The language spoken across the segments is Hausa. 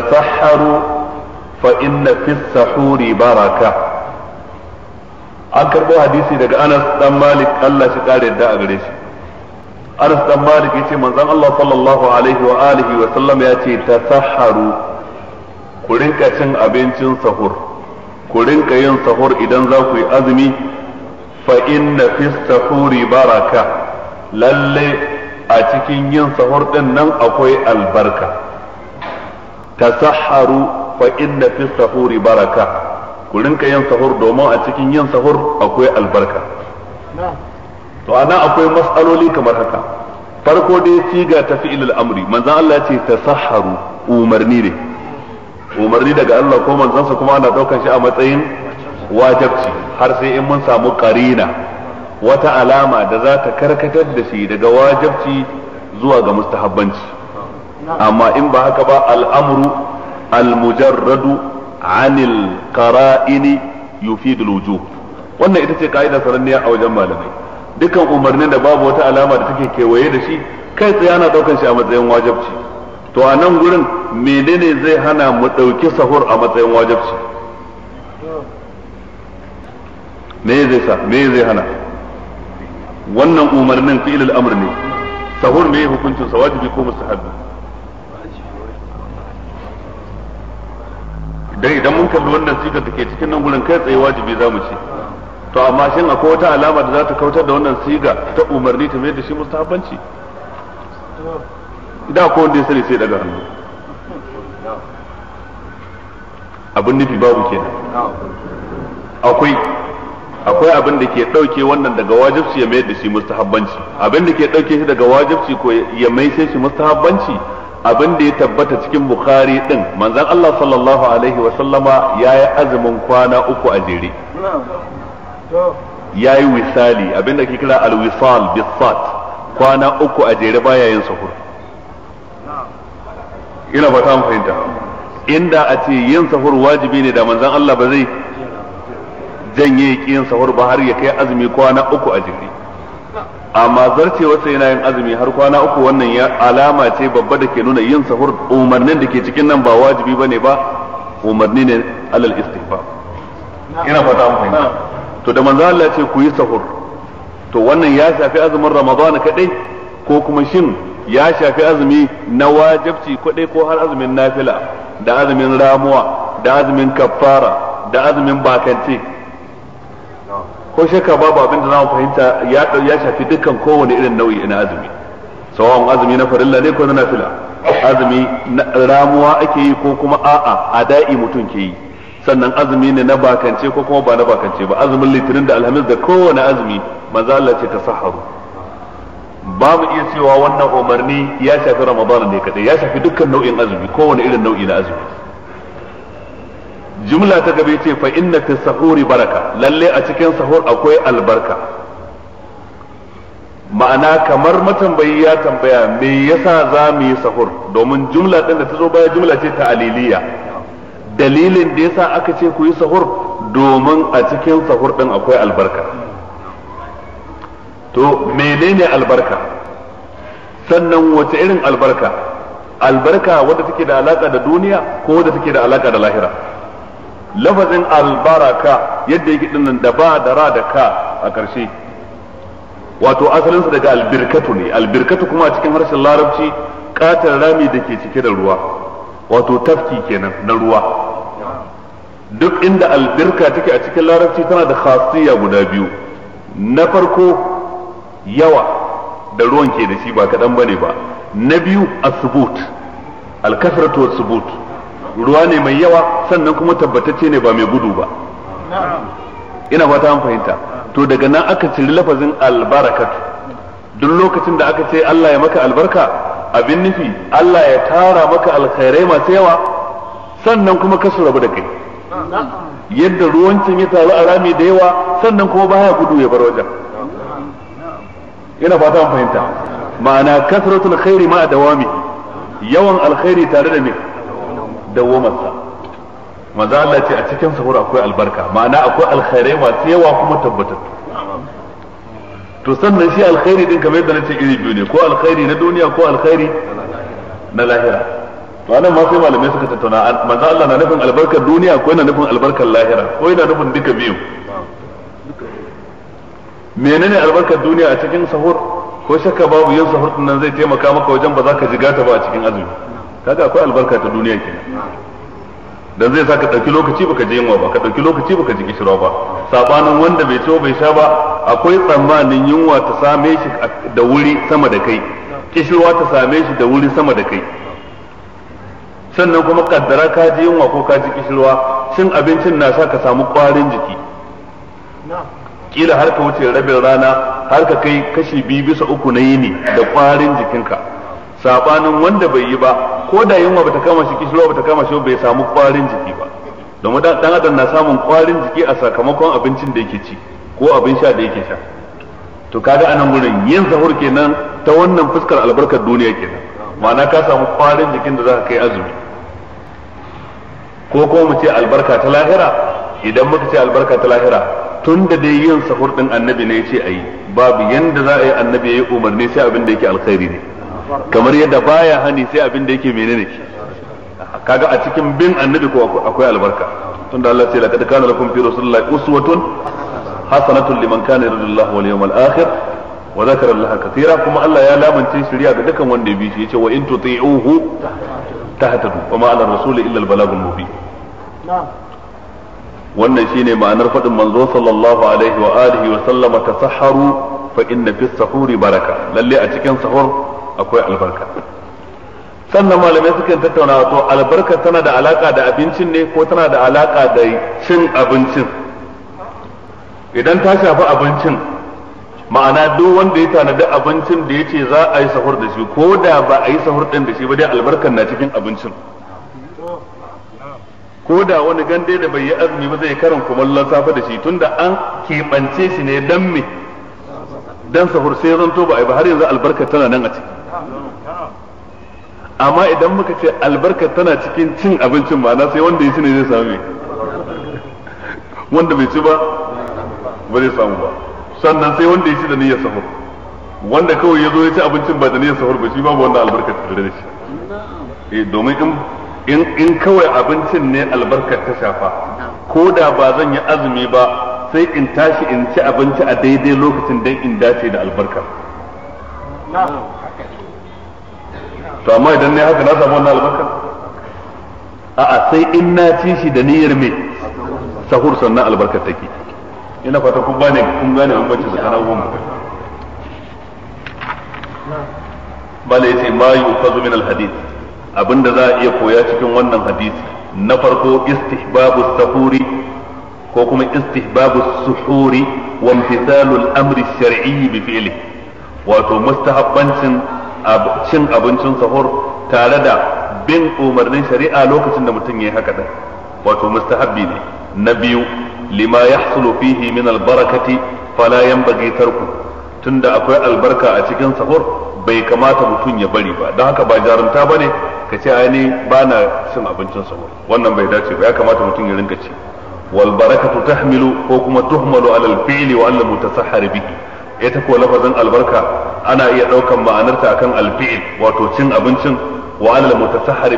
tasaharu fa inna fi sahuri baraka an karɓo hadisi daga Anas dan Malik Allah shi kare da a gare shi Anas dan Malik ya ce manzan Allah sallallahu alaihi wa alihi wa sallam yace tasaharu ku rinka cin abincin sahur ku rinka yin sahur idan za ku yi azumi fa inna fi sahuri baraka lalle a cikin yin sahur ɗin nan akwai albarka tasahharu fa inna fi sahuri baraka ku rinka yin sahur domin a cikin yin sahur akwai albarka to anan akwai mas'aloli kamar haka farko dai siga ta fi'il amri manzon Allah ya ce tasahharu umarni ne umarni daga Allah ko sa kuma ana daukan shi a matsayin wajabci har sai in mun samu karina wata alama da za ta karkatar da shi daga wajabci zuwa ga mustahabbanci amma in ba haka ba al'amru al-mujarradu anil qara'ini yufidul wujuh wannan ita ce ka'ida sananniya a wajen malamai dukan umarnin da babu wata alama da take kewaye da shi kai tsaye ana daukan shi a matsayin wajabci to a nan gurin menene zai hana mu dauki sahur a matsayin wajabci me zai sa me zai hana wannan umarnin fi'il al-amr ne sahur me hukuncin sa wajibi ko mustahabi dan idan mun kalli wannan sigar da ke cikin nan gurin kai tsaye wajibi za mu ci to amma shin akwai wata alama da za ta kautar da wannan siga ta umarni ta mai da shi mustahabanci da ko wanda ya sani sai daga hannu abin nufi babu kenan akwai akwai abin da ke ɗauke wannan daga wajibci ya mayar da shi mustahabbanci abin da ke ɗauke shi daga wajibci ko ya mai sai shi mustahabbanci abin da ya tabbata cikin bukhari din manzan Allah sallallahu alaihi wa sallama yi azumin kwana uku a jere Ya yi wisali abin da ke kira alwisal bisat kwana uku a jere baya yin sahur ina ba ta fahimta inda a ce yin sahur wajibi ne da manzan Allah ba zai janye yin sahur ba har ya kai azumi kwana uku a jere amma zarce wata yana yin azumi har kwana uku wannan ya alama ce babba da ke nuna yin sahur umarnin da ke cikin nan ba wajibi ba ne ba umarni ne alal istighfar ina fata mun fahimta to da manzo Allah ce ku yi sahur to wannan ya shafi azumin ramadana kadai ko kuma shin ya shafi azumi na wajibci kadai ko har azumin nafila da azumin ramuwa da azumin kaffara da azumin bakance ko shakka babu abin da zamu fahimta ya ya shafi dukkan kowane irin nau'i na azumi sawan azumi na farilla ne ko na nafila azumi ramuwa ake yi ko kuma a'a a da'i mutum ke yi sannan azumi ne na bakance ko kuma ba na bakance ba azumin litinin da alhamis da kowane azumi manzo Allah ce tasaharu ba mu iya cewa wannan umarni ya shafi ramadana ne kadai ya shafi dukkan nau'in azumi kowane irin nau'i na azumi jumla ta gaba ce fa inna fi sahuri baraka lalle a cikin sahur akwai albarka ma'ana kamar matambayi ya tambaya me yasa za mu yi sahur domin jumla ɗin da ta zo baya jumla ce ta aliliya dalilin da yasa aka ce ku yi sahur domin a cikin sahur ɗin akwai albarka to menene albarka sannan wace irin albarka albarka wadda take da alaka da duniya ko wadda take da alaka da lahira lafazin albaraka yadda yake dinnan da ba da ra da ka a ƙarshe wato asalinsa daga albirkatu ne albirkatu kuma a cikin harshen larabci katar rami da ke cike da ruwa wato tafki kenan na ruwa duk inda albirka take a cikin larabci tana da khasiyya guda biyu na farko yawa da ruwan ke da shi ba kaɗan ne ba na biyu asubut alkasratu wasubut ruwa ne mai yawa sannan kuma tabbatacce ne ba mai gudu ba ina fata an fahimta to daga nan aka ciri lafazin albarakat duk lokacin da aka ce Allah ya maka albarka abin nufi Allah ya tara maka alkhairai masu yawa sannan kuma ka rabu da kai yadda ruwancin ya taru a rami da yawa sannan kuma baya gudu ya bar wajen ina fata an fahimta ma'ana kasratul khairi ma dawami yawan alkhairi tare da mai dawwamarsa maza Allah ce a cikin sahur akwai albarka ma'ana akwai alkhairai masu yawa kuma tabbatar to sannan shi alkhairi din kamar yadda nace iri biyu ne ko alkhairi na duniya ko alkhairi na lahira to anan ma sai malamai suka tattauna maza Allah na nufin albarkar duniya ko yana nufin albarkar lahira ko yana nufin duka biyu menene albarkar duniya a cikin sahur ko shakka babu yin sahur nan zai taimaka maka wajen ba za ka ji gata ba a cikin azumi kaga akwai albarka ta duniya kenan dan zai sa ka lokaci baka ji yunwa ba ka ɗauki lokaci baka ji kishirwa ba sabanin wanda bai ciwo bai sha ba akwai tsammanin yunwa ta same shi da wuri sama da kai kishirwa ta same shi da wuri sama da kai sannan kuma kaddara ka ji yunwa ko ka ji kishirwa cin abincin na sa ka samu ƙwarin jiki kila har ka wuce rabin rana har ka kai kashi biyu bisa uku na yini da kwarin jikinka sabanin wanda bai yi ba ko da yunwa bata kama shi kishirwa bata kama shi bai samu kwarin jiki ba domin dan adam na samun kwarin jiki a sakamakon abincin da yake ci ko abin sha da yake sha to kaga anan gurin yin zahur kenan ta wannan fuskar albarkar duniya kenan ma'ana ka samu kwarin jikin da zaka kai azumi ko kuma mu ce albarka ta lahira idan muka ce albarka ta lahira tun da dai yin sahur din annabi ne ya ce a yi babu yanda za a yi annabi ya yi umarni sai abin da yake alkhairi ne kamar yadda baya hani sai abin da yake menene kaga a cikin bin annabi ko akwai albarka tunda Allah ce laqad kana lakum fi rasulillahi uswatun hasanatun liman kana yarjullaha wal yawmal akhir wa zakara Allah katira kuma Allah ya lamance shari'a ga dukkan wanda ya bi shi yace wa in tuti'uhu tahtadu wa ma ala rasuli illa al balagul mubin wannan shine ma'anar faɗin manzo sallallahu alaihi wa alihi wa sallama tasahharu fa inna fi sahuri baraka lalle a cikin sahur akwai albarka sannan malamai suke tattauna to albarka tana da alaka da abincin ne ko tana da alaka da cin abincin idan ta shafi abincin ma'ana duk wanda ya tanadi abincin da ya ce za a yi sahur da shi ko da ba a yi sahur din da shi ba dai albarkan na cikin abincin ko da wani gande da bai yi azumi ba zai karin kumallon safe da shi tunda an keɓance shi ne dan me dan sahur sai zanto ba a yi ba har yanzu albarka tana nan a ciki amma idan muka ce albarka tana cikin cin abincin ma'ana sai wanda ya ci ne zai samu ne wanda bai ci ba ba zai samu ba sannan sai wanda ya ci da niyyar sahur wanda kawai ya zo ya ci abincin ba da niyyar sahur ba shi ba wanda albarka ta da shi eh domin in in kawai abincin ne albarka ta shafa ko da ba zan yi azumi ba sai in tashi in ci abinci a daidai lokacin dan in dace da albarka to amma idan ne haka na samu wannan albarkar a'a sai in na ci shi da niyyar me sahur sannan albarkar take ina fata kun gane kun gane an bace tsakanin abubuwan bala yace ma yuqazu min alhadith abinda za a iya koya cikin wannan hadisi na farko istihbabu sahuri ko kuma istihbabu suhuri wa imtithalu al-amri shar'i bi fi'li wato mustahabbancin cin abincin sahur tare da bin umarnin shari'a lokacin da mutum ya yi haka din wato mustahabbi ne na biyu lima yahsulu fihi min albarakati fala yanbaghi tarku tunda akwai albarka a cikin sahur bai kamata mutum ya bari ba don haka ba jarumta ne ka ce ai ni ba na cin abincin sahur wannan bai dace ba ya kamata mutum ya rinka ci wal barakatu tahmilu ko kuma tuhmalu alal fi'li wa al mutasahhar bihi ita ko lafazin albarka ana iya ɗaukan ma'anarta akan alfi'il wato cin abincin wa alal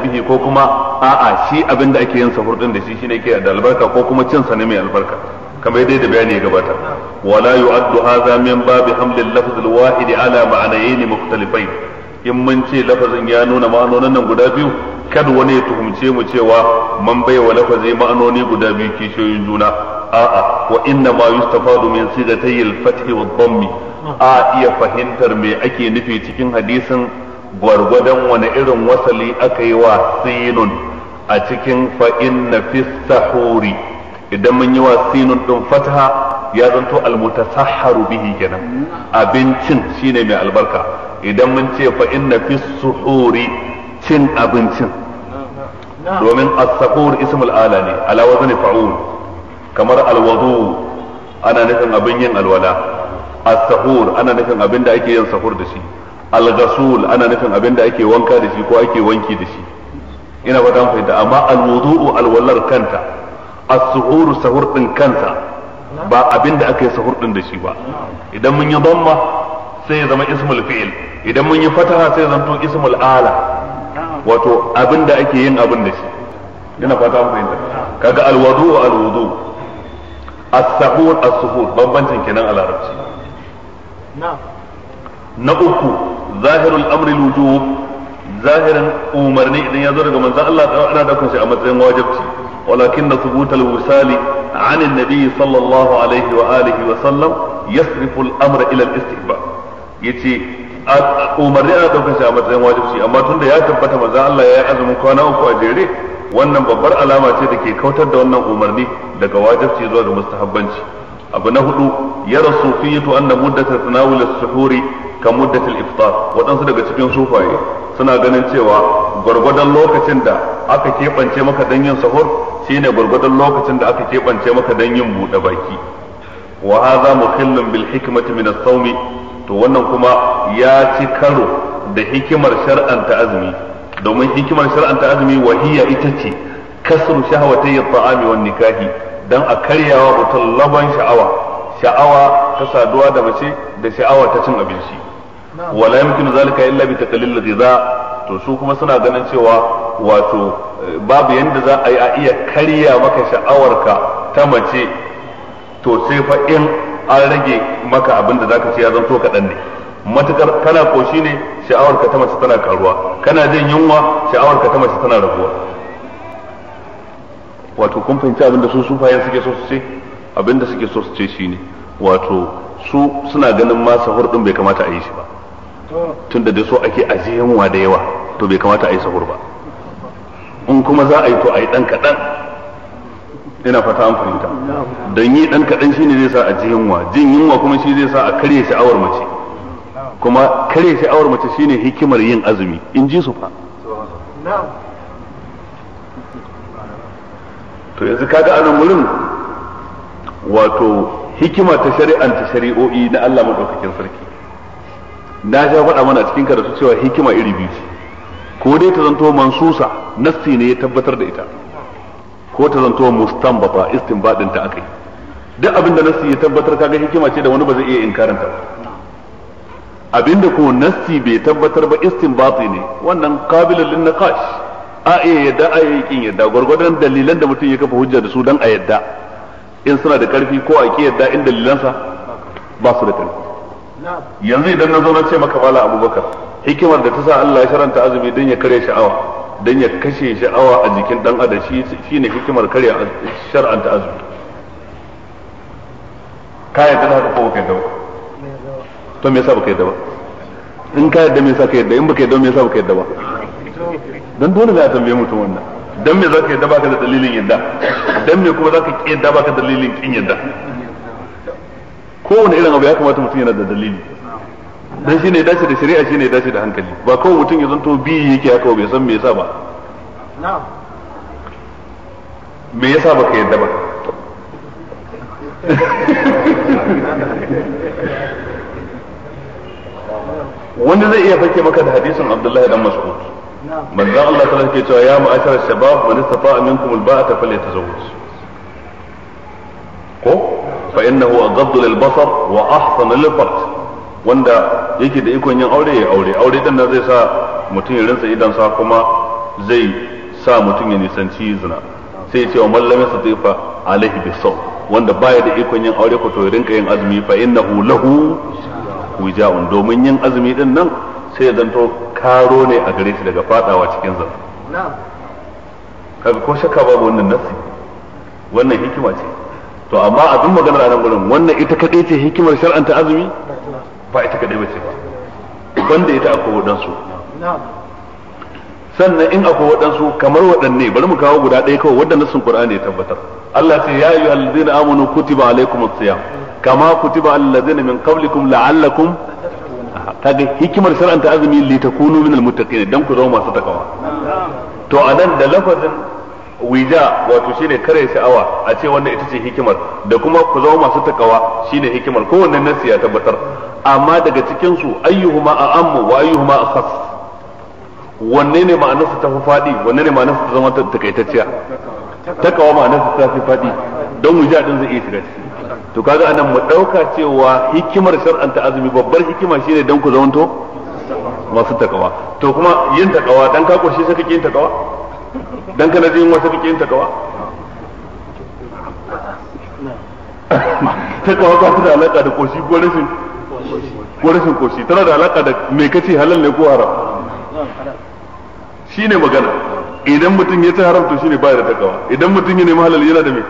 bihi ko kuma a'a shi abin da ake yin sahur din da shi shine ke da albarka ko kuma cin sa ne mai albarka kamar dai da bayani ya gabata wala yu'addu hadha min babi hamlil lafz al wahid ala ma'anayn mukhtalifain in mun ce lafazin ya nuna ma'anonin nan guda biyu kada wani ya tuhumce mu cewa man bai wa lafazi ma'anoni guda biyu kishiyoyin juna a'a wa inna ma yustafadu min sigatay al-fath wa dhammi a iya fahimtar me ake nufi cikin hadisin gwargwadon wani irin wasali aka yi wa sinun a cikin fa inna fi sahuri idan mun yi wa sinun din fataha ya zanto al-mutasahharu bihi kenan abincin shine mai albarka idan mun ce fa inna fi suhuri cin abincin domin as-safur ismul ala ne ala wazni fa'ul kamar alwadu ana nufin abin yin alwala as-sahur ana nufin abin da ake yin sahur da shi al-ghasul ana nufin abin da ake wanka da shi ko ake wanki da shi ina fata fahimta amma alwudu'u alwallar kanta as-suhur sahur din kanta ba abin da ake yi sahur din da shi ba idan mun yi damma sai ya zama ismul fi'il idan mun yi fataha sai ya zama ismul ala wato abin da ake yin abin da shi ina fata mu fahimta kaga alwadu wa alwudu as-sahur as-suhur bambancin kenan a larabci na uku zahirul amri wujub zahirin umarni idan ya zo daga manzon Allah ta ana daukar shi a matsayin wajibi walakin na subutal wisali an annabi sallallahu alaihi wa alihi wa sallam yasrifu al-amra ila al-istihbab yace umarni ana daukar shi a matsayin wajibi amma tunda ya tabbata manzo Allah ya yi azumin kwana uku a jere wannan babbar alama ce da ke kautar da wannan umarni daga wajibci zuwa ga mustahabbanci abu na hudu ya rasu fiyatu anna muddatu tanawul as-suhuri ka al iftar waɗansu daga cikin sufaye suna ganin cewa gwargwadon lokacin da aka keɓance maka dan yin sahur shine gwargwadon lokacin da aka kebance maka dan yin buɗe baki wa hadha mukhillun bil hikmati min as-sawmi to wannan kuma ya ci karo da hikimar shar'anta azumi domin hikimar shar'anta azumi wahiya ita ce kasru ya ta'ami wa nikahi dan a karyawa mutum laban sha'awa sha'awa ta saduwa da mace da sha'awa ta cin abinci wala yumkinu zalika illa bi taqlil ghiza to su kuma suna ganin cewa wato eh, babu yanda za a yi a iya karya maka sha'awarka ta mace to sai fa in an rage maka abin da zaka ci ya zanto kaɗan ne matukar kana koshi ne sha'awar ka ta mace tana karuwa kana jin yunwa sha'awar ka ta mace tana raguwa wato kun fahimci abin da su sufayen suke so su ce abin da suke so su ce shine wato su suna ganin ma sahur din bai kamata a yi shi ba tun da dai so ake aje yunwa da yawa to bai kamata a yi sahur ba in kuma za a yi to a yi dan kaɗan ina fata an fahimta don yi dan kaɗan shi ne zai sa a ji yunwa jin yunwa kuma shi zai sa a karya sha'awar mace kuma karya sha'awar mace shi ne hikimar yin azumi in ji su fa to yanzu kaga nan wurin wato hikima ta shari'anta shari'o'i na Allah maɗaukakin sarki na sha faɗa mana cikin karatu cewa hikima iri biyu ko dai ta zanto mansusa nassi ne ya tabbatar da ita ko ta zanto mustanbata istinbadin ta akai duk abinda nassi ya tabbatar kaga hikima ce da wani ba zai iya inkarin ta abinda ko nassi bai tabbatar ba istinbati ne wannan qabilul lin naqash a iya yadda a yi kin yadda gwargwadon dalilan da mutum ya kafa hujja da su dan a yadda in suna da karfi ko a ki yadda in dalilansa ba su da karfi yanzu idan na zo na ce maka mala abubakar hikimar da ta sa Allah ya sharanta azumi don ya kare sha'awa dan ya kashe sha'awa a jikin dan adam shi ne hikimar karya shar'anta azu ka yadda da haka ko kai dawo to me yasa baka yadda ba in ka yadda me yasa ka yadda in baka yadda me yasa baka yadda ba dan dole za a tambaye mutum wannan dan me zaka yadda baka da dalilin yadda dan me kuma zaka ki yadda baka da dalilin kin yadda kowane irin abu ya kamata mutum yana da dalili dan shine ya dace da shari'a shine ya dace da hankali ba kawai mutum ya zanto bi yake haka bai san me yasa ba na'am me yasa baka yadda ba wanda zai iya fake maka da hadisin Abdullahi dan Mas'ud manzo Allah ta ke cewa ya ma'ashar shabab man istafa'a minkum alba'ata falyatazawwaj ko fa innahu aghaddu lil basar wa ahsan lil farj wanda yake da ikon yin aure ya aure aure din nan zai sa mutum ya rinsa idan sa kuma zai sa mutum ya nisanci zina sai ya ce wa mallamin sa satifa alaihi bisaw wanda baya da ikon yin aure ko to ya rinka yin azumi fa innahu lahu wijaun domin yin azumi din nan sai ya zanto karo ne a gare shi daga fadawa cikin zina kaga ko shakka babu wannan nasi wannan hikima ce to amma abin maganar a nan gurin wannan ita kadai ce hikimar shar'anta azumi ba ita kadai bace ba banda ita akwai waɗansu sannan in akwai waɗansu kamar waɗanne bari mu kawo guda ɗaya kawai wadda nasin qur'ani ya tabbatar Allah ce ya ayyuhal ladzina amanu kutiba alaykum as-siyam kama kutiba alal ladzina min qablikum la'allakum kaga hikimar shar'anta azumi li takunu minal muttaqin dan ku zama masu takawa to anan da lafazin wija wato shine kare sha'awa a ce wannan ita ce hikimar da kuma ku zama masu takawa shine hikimar kowanne nasi ya tabbatar amma daga cikin su ayyuhuma a'ammu wa ayyuhuma akhas wanne ne ma'anarsa ta fi fadi wanne ne ma'anarsa ta zama takaitacciya takawa ma'anarsa ta fi fadi don wujadin zai iya shiga ciki to kaga anan mu dauka cewa hikimar shar'anta azumi babbar hikima shine don ku zamanto masu takawa to kuma yin takawa dan ka koshi sai kake yin takawa dan kana jin wata kake yin takawa takawa ba ta da alaka da koshi ko rashin ko rashin koshi tana da alaka da me kace halal ne ko haram shine magana idan mutum ya ta haram to shine baya da takawa idan mutum ya nemi halal yana da me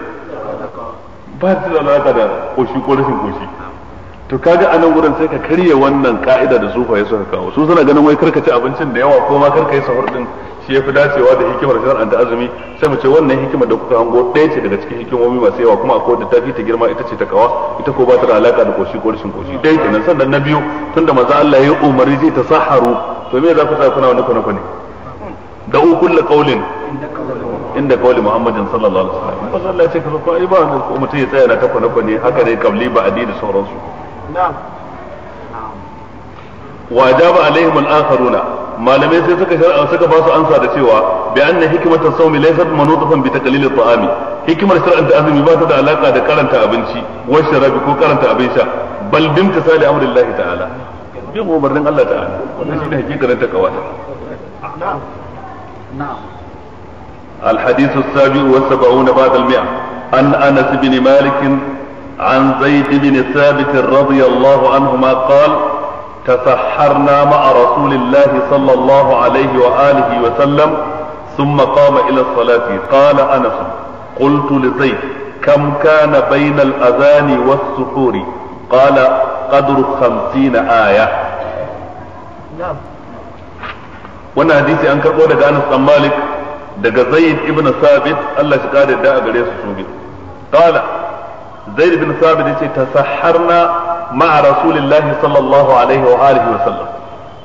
ba ta da alaka da koshi ko rashin koshi to kaga anan wurin sai ka karya wannan ka'ida da sufa ya suka kawo su suna ganin wai ci abincin da yawa ko ma yi sahur din shi yafi dacewa da hikimar an ta azumi sai mu ce wannan hikimar da kuka hango ɗaya ce daga cikin hikimomi masu yawa kuma akwai da tafi ta girma ita ce ta kawa ita ko ba ta da alaka da koshi ko rashin koshi ɗaya kenan sannan na biyu tunda maza Allah ya umarni zai saharu, to me za ku sa kuna wani kwana kwane da ukulla qaulin inda kawali muhammadin sallallahu alaihi wasallam ba Allah ya ce ka zo ko ai ba mutum ya tsaya na ta kwana haka dai kabli ba adi da sauransu wa ajaba alaihim al-akharuna malamai sai suka shar'a suka ba amsa da cewa bi anna hikmatu sawmi laysat manutafan bi taqlil at-ta'ami hikmar shar'an da azumi ba ta da alaka da karanta abinci wa sharabi ko karanta abin sha bal bim ta'ala bi الحديث السابع والسبعون بعد المئة أنس بن مالك عن زيد بن ثابت رضي الله عنهما قال تسحرنا مع رسول الله صلى الله عليه وآله وسلم ثم قام إلى الصلاة قال أنس قلت لزيد كم كان بين الأذان والسحور قال قدر خمسين آية نعم وانا حديثي أنكر قولك أنس مالك daga zaid ibn sabit Allah shi kare da a gare su su قال zaid bin sabit yace tasaharna ma'a rasulillahi sallallahu alaihi wa alihi wa sallam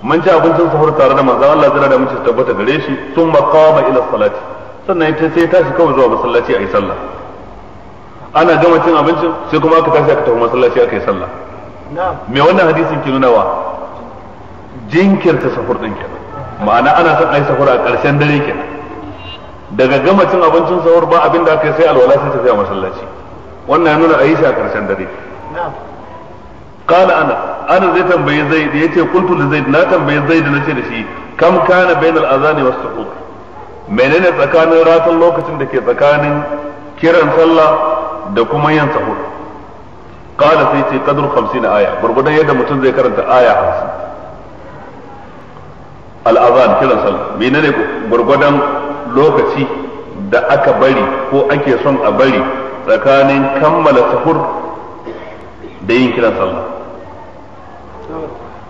mun ci abincin sahur tare da manzon Allah zira da mun tabbata gare shi thumma qama ila salati sannan ita sai tashi kawai zuwa masallaci ayi sallah ana gama cin abincin sai kuma aka tashi aka tafi masallaci aka yi sallah me wannan hadisin ke nuna wa jinkirta sahur din kenan ma'ana ana son a ƙarshen dare kenan daga gama cin abincin sahur ba abin da aka yi sai alwala sai tafiya masallaci wannan ya nuna a yi shi a ƙarshen dare قال انا انا زي تنبيه زيد يتي قلت لزيد لا تنبيه زيد نتي دشي كم كان بين الاذان والسحور menene tsakanin ratan lokacin da ke tsakanin kiran sallah da kuma yin sahur qala sai ce qadru 50 aya gurgudan yadda mutum zai karanta aya 50 al-azan kiran sallah menene gurgudan lokaci da aka bari ko ake son a bari tsakanin kammala sahur da yin kiran sallah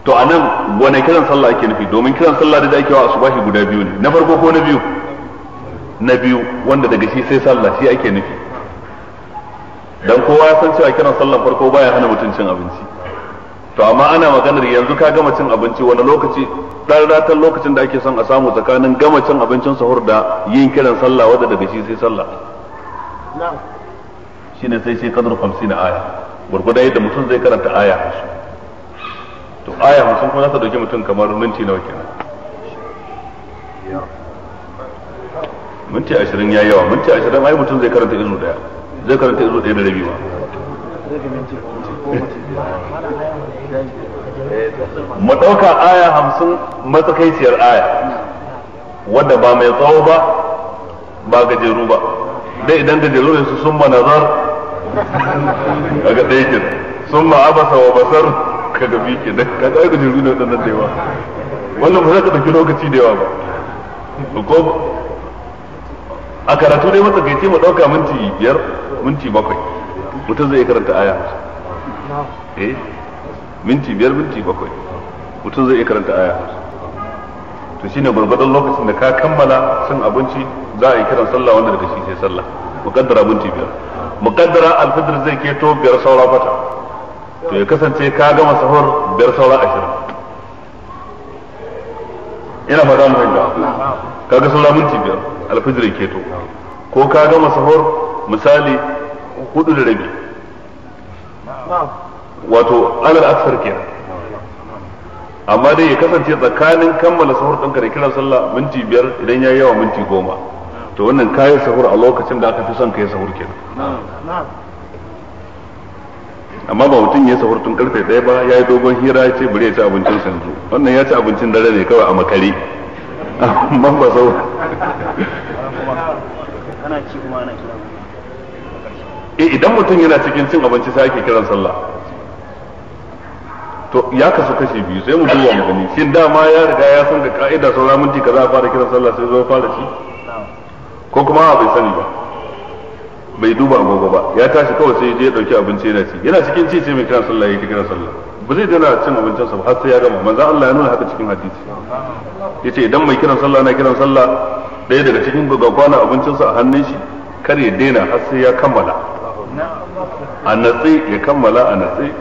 to a nan wane kiran sallah ake nufi domin kiran sallah da ake wa asubahi guda biyu ne na farko ko na biyu na biyu wanda daga shi sai sallah shi ake nufi dan kowa ya san cewa kiran sallah farko baya hana mutum cin abinci to amma ana maganar yanzu ka gama cin abinci wani lokaci dan ratan lokacin da ake son a samu tsakanin gama cin abincin sahur da yin kiran sallah wanda daga shi sai sallah na'am shine sai shi kadar 50 aya gurgurda yadda mutum zai karanta aya hasu to aya hasu kuma za ta dauki mutum kamar minti nawa kenan minti ashirin ya yawa minti ashirin ai mutum zai karanta izu daya zai karanta izu daya da rabi ma mu ɗauka aya hamsin matsakaiciyar aya wadda ba mai tsawo ba ba gajeru ba dai idan gajeru ne su sun manazar kaga dai kin sun ma abasa wa basar kaga bi ke da kaga ai gajeru ne wadannan da yawa wannan ba za ka dauki lokaci da yawa ba ko a karatu dai matsakaici mu dauka minti biyar minti bakwai mutum zai karanta aya eh minti biyar minti bakwai mutum zai karanta aya to shine gurgurdan lokacin da ka kammala cin abinci za a yi kiran sallah wanda daga shi sai sallah muqaddara minti biyar muqaddara alfajr zai keto biyar saura fata to ya kasance ka gama sahur biyar saura ashirin ina fata mu fahimta kaga saura minti biyar alfajr keto ko ka gama sahur misali hudu da rabi wato alal aksar kenan amma dai ya kasance tsakanin kammala sahur ɗinka da kiran sallah minti biyar idan ya yawa minti goma to wannan kayi sahur a lokacin da aka fi son kai sahur kenan amma ba mutum ya sahur tun karfe ɗaya ba ya yi dogon hira ya ce bari ya ci abincin sanzu wannan ya ci abincin dare ne kawai a makare amma ba sau eh, idan mutum yana cikin cin abinci sai ake kiran sallah to ya kasu kashe biyu sai mu duba mu gani shin dama ya riga ya san ga ka'ida sauran minti kaza a fara kiran sallah sai zo fara ci ko kuma bai sani ba bai duba agogo ba ya tashi kawai sai je ya dauki abinci yana ci yana cikin ci sai mai kiran sallah ya kira sallah ba zai dana cin abincin sa har sai ya gama manzo Allah ya nuna haka cikin hadisi yace idan mai kiran sallah na kiran sallah daya daga cikin kwana abincin sa a hannun shi kar ya daina har sai ya kammala a natsi ya kammala a natsi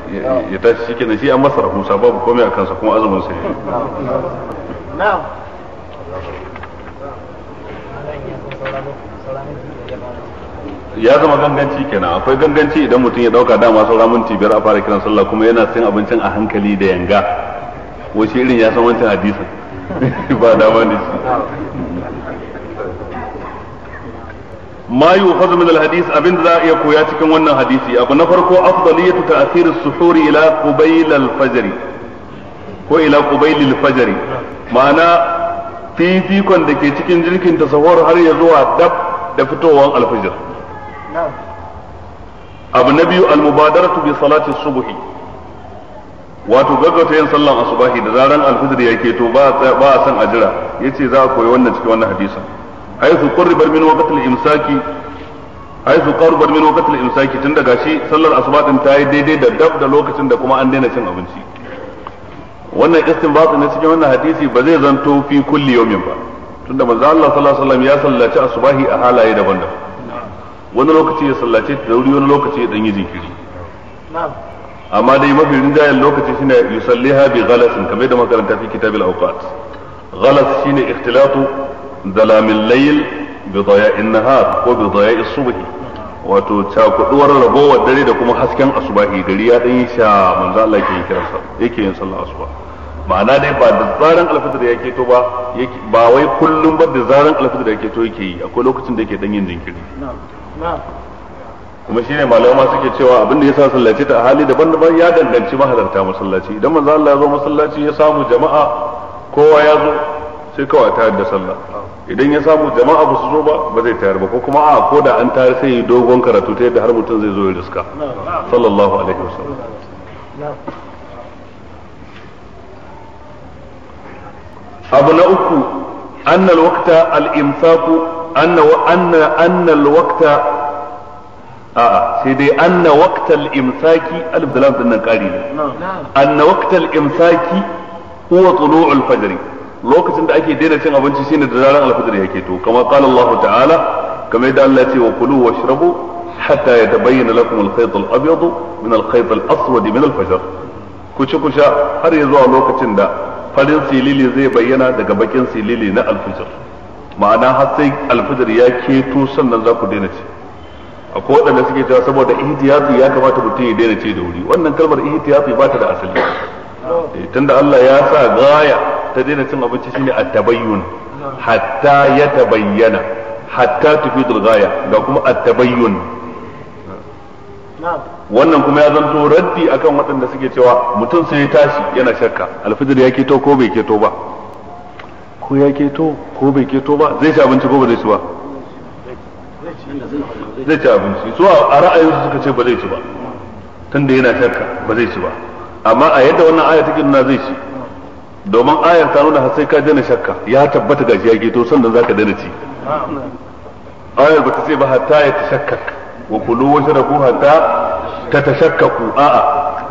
ya tashi shi kenan shi an masa rahusa babu komai a kansa kuma azumin sa ne ya zama ganganci kenan akwai ganganci idan mutum ya dauka dama saura minti biyar a fara kiran sallah kuma yana cin abincin a hankali da yanga wace irin ya san wancan hadisin ba dama ne shi ma yuhadu min alhadis abin da za a iya koya cikin wannan hadisi abu na farko afdaliyatu ta'khir as-suhur ila qubayl al-fajr ko ila qubayl al-fajr ma'ana fifikon da ke cikin jirkin tasawwur har ya zuwa dab da fitowar alfajir abu na biyu almubadaratu bi salati subhi wato gaggauta yin sallan asubahi da zaran alfijir ya keto ba ba a san ajira yace za a koyi wannan cikin wannan hadisin haythu qurriba min waqti al-imsaki haythu qurriba min waqti al-imsaki tun daga shi sallar asuba din ta yi daidai da dab da lokacin da kuma an daina cin abinci wannan istinbat ne cikin wannan hadisi ba zai zanto fi kulli yawmin ba tunda manzo Allah sallallahu alaihi wasallam ya sallaci asubahi a halaye daban-daban wani lokaci ya sallace ta dauri wani lokaci ya dan jinkiri amma dai mafi rinjayen lokaci shine yusalliha bi ghalasin kamar da makaranta fi kitabil awqat ghalas shine ikhtilatu dalamil layl bi daya'in nahar ko bi daya'i subhi wato cakuduwar ragowar dare da kuma hasken asubahi gari ya yi sha manzo Allah yake kiransa yake yin sallar asuba ma'ana dai ba da zaran alfitar ya keto ba ba wai kullum ba da zaran alfitar ya keto yake yi akwai lokacin da yake dan yin jinkiri kuma shine malama suke cewa abin da sa sallaci ta hali daban-daban ya danganci mahalarta masallaci idan manzo Allah ya zo masallaci ya samu jama'a kowa ya zo sai kawai tayar da sallah idan ya samu jama'a ba su zo ba ba zai tayar ba ko kuma a ko da an tayar sai dogon karatu ta yadda har mutum zai zo ya riska sallallahu alaihi wasallam abu na uku anna alwaqta al-imsaku anna anna anna alwaqta a'a sai dai anna waqta al-imsaki alif da lam din nan ne anna waqta al-imsaki huwa tulu'u al lokacin da ake daina cin abinci shine da zaran al-fajr yake to kamar qala Allah ta'ala kamar da Allah ya ce wa kulu washrabu hatta yatabayyana lakum al-khayt al-abyad min al-khayt al-aswad min al ku ci ku sha har ya zuwa lokacin da farin silili zai bayyana daga bakin silili na alfijir ma'ana har sai alfijir ya keto sannan za ku daina ci a waɗanda suke cewa saboda ihtiyati ya kamata mutum ya daina ce da wuri wannan kalmar ihtiyati ba ta da asali eh, tunda Allah ya sa gaya ta daina cin abinci shine at-tabayyun hatta ya tabayyana hatta tufidul gaya ga kuma at-tabayyun wannan kuma ya zanto raddi akan waɗanda suke cewa mutum sai ya tashi yana shakka alfijir ya keto ko bai keto ba ko ya keto ko bai keto ba zai ci abinci ko ba zai ci ba zai ci abinci so a ra'ayin su suka ce ba zai ci ba tunda yana shakka ba zai ci ba amma a yadda wannan aya take nuna zai ci domin ayar ta nuna sai ka daina shakka ya tabbata gashi ya keto sannan zaka daina ci ayar ba ta ce ba hatta ya ta shakkaka wa kulu washraku hatta tatashakkaku a'a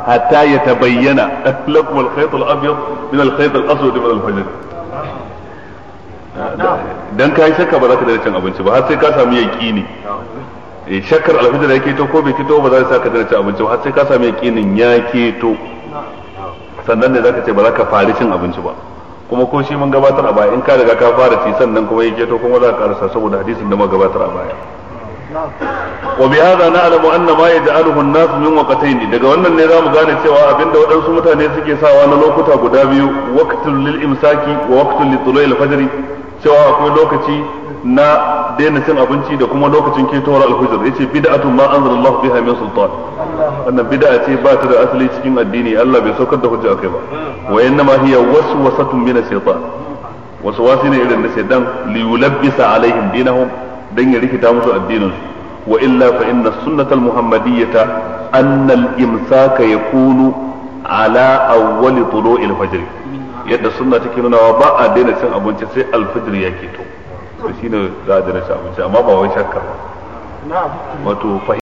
hatta yatabayyana lakum al-khayt al-abyad min al-khayt al-aswad min al-fajr dan kai shakka ba za ka da cin abinci ba har sai ka samu yaqini eh shakkar alfajr yake to ko bai kito ba za ka da cin abinci ba har sai ka samu yaqinin ya keto sannan ne za ka ce ba za ka fara cin abinci ba kuma ko shi mun gabatar a baya in ka daga ka fara ci sannan kuma yake to kuma za ka karasa saboda hadisin da muka gabatar a baya wa bi hadha na'lamu anna ma yaj'aluhu an-nas min waqtayn daga wannan ne zamu gane cewa abinda waɗansu mutane suke sawa na lokuta guda biyu waqtul lil imsaki wa waqtul li tulu'il fajr cewa akwai lokaci na daina cin abinci da kuma lokacin ketowar alhujjar yace bid'atun ma anzalallahu biha min sultan wannan bid'a ce ba ta da asali cikin addini Allah bai saukar da hujja akai ba wa innama hiya waswasatun min ash-shaytan waswasi ne irin na shaytan li yulabbisa alaihim dinahum dan ya rikita musu addinin su wa illa fa inna sunnatal muhammadiyyata anna al imsaka yakunu ala awwali tulu'il fajr yadda sunna take nuna wa ba a daina cin abinci sai alfajr ya keto to shine za a daina cin abinci amma ba wai shakka ba wato